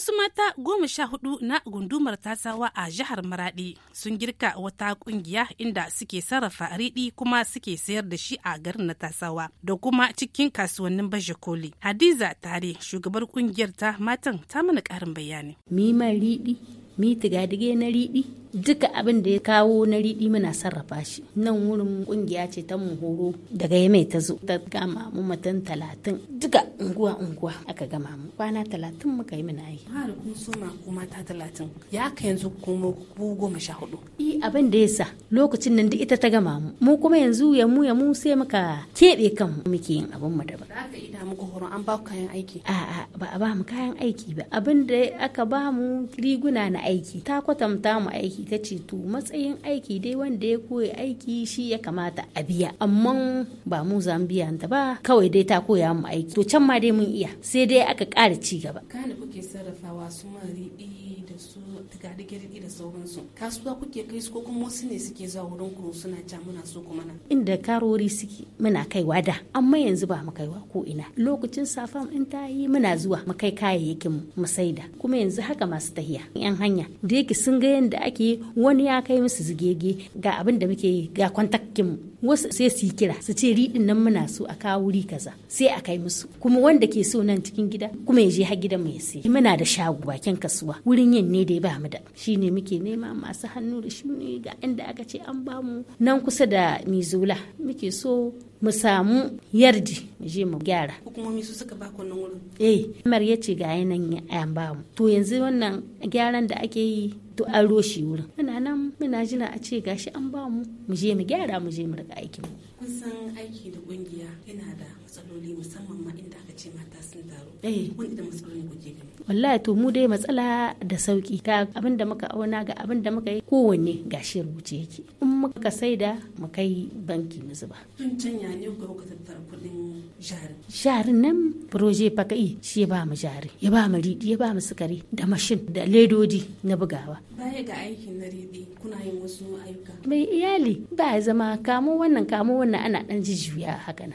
Wasu mata goma sha hudu na gundumar tasawa a jihar Maradi sun girka wata kungiya inda suke sarrafa riɗi kuma suke sayar da shi a garin na tasawa da kuma cikin kasuwannin baje koli. Hadiza tare shugabar kungiyar ta matan ta mana ƙarin bayani. Mi ma riɗi, mi tigadige na riɗi, duka abin da ya kawo na riɗi muna sarrafa shi nan wurin kungiya ce ta mu horo daga yamai ta zo ta gama mu mutum talatin duka unguwa unguwa aka gama mu kwana talatin muka yi muna yi har kun soma kuma ta talatin ya ka yanzu kuma ku goma sha hudu i abin da ya sa lokacin nan duk ita ta gama mu mu kuma yanzu ya mu ya mu sai muka keɓe kan muke yin abin mu daban ina muku horo an ba ku kayan aiki a a ba a ba mu kayan aiki ba abin da aka ba mu riguna na aiki ta kwatanta mu aiki ta ce to matsayin aiki dai wanda ya koya aiki shi ya kamata a biya amma ba mu zambiya ta ba kawai dai ta koya mu aiki to can ma dai mun iya sai dai aka ƙara ci gaba kana kuke sarrafawa su mari eh, su tigadige da sauransu kasuwa kuke kai su ko kuma wasu ne suke zuwa wurin ku suna ca muna so kuma na inda karori suke muna kaiwa da amma yanzu ba mu kaiwa ko ina lokacin safam in ta yi muna zuwa mu kai kayayyakin mu saida kuma yanzu haka masu tahiya yan hanya da yake sun ga yanda ake wani ya kai musu zigege ga abin da muke ga kwantakkin mu wasu sai su yi kira su ce riɗin nan muna so a kawo wuri kaza sai a kai musu kuma wanda ke so nan cikin gida kuma ya je har gidan mu ya sai muna da shago bakin kasuwa wurin yin ne da ya ba da shi ne muke nema masu hannu da shi ne ga inda aka ce an bamu nan kusa da mizula muke so mu samu yardi mu je mu gyara hukumomi su suka ba nan wurin eh mar ya ga yanan an bamu mu to yanzu wannan gyaran da ake yi to an roshi wurin muna jina a ce gashi an ba mu mu je mu gyara mu je mu riga aikin mu kun san aiki da kungiya yana da matsaloli musamman ma inda aka ce mata sun taro kun da matsaloli kuke gani wallahi to mu dai matsala da sauki Ka abinda muka auna ga abinda muka yi kowanne gashi rubuce yake in muka saida mu kai banki mu zuba tun canya ne ku ka tattara kudin jarin jarin nan proje fakai shi ya ba mu jarin ya ba mu riɗi ya ba mu sukari da mashin da ledodi na bugawa baya ga aikin na riɗi kuna yin wasu ayyuka mai iyali ba ya zama kamo wannan kamo wannan ana dan jijjuya haka nan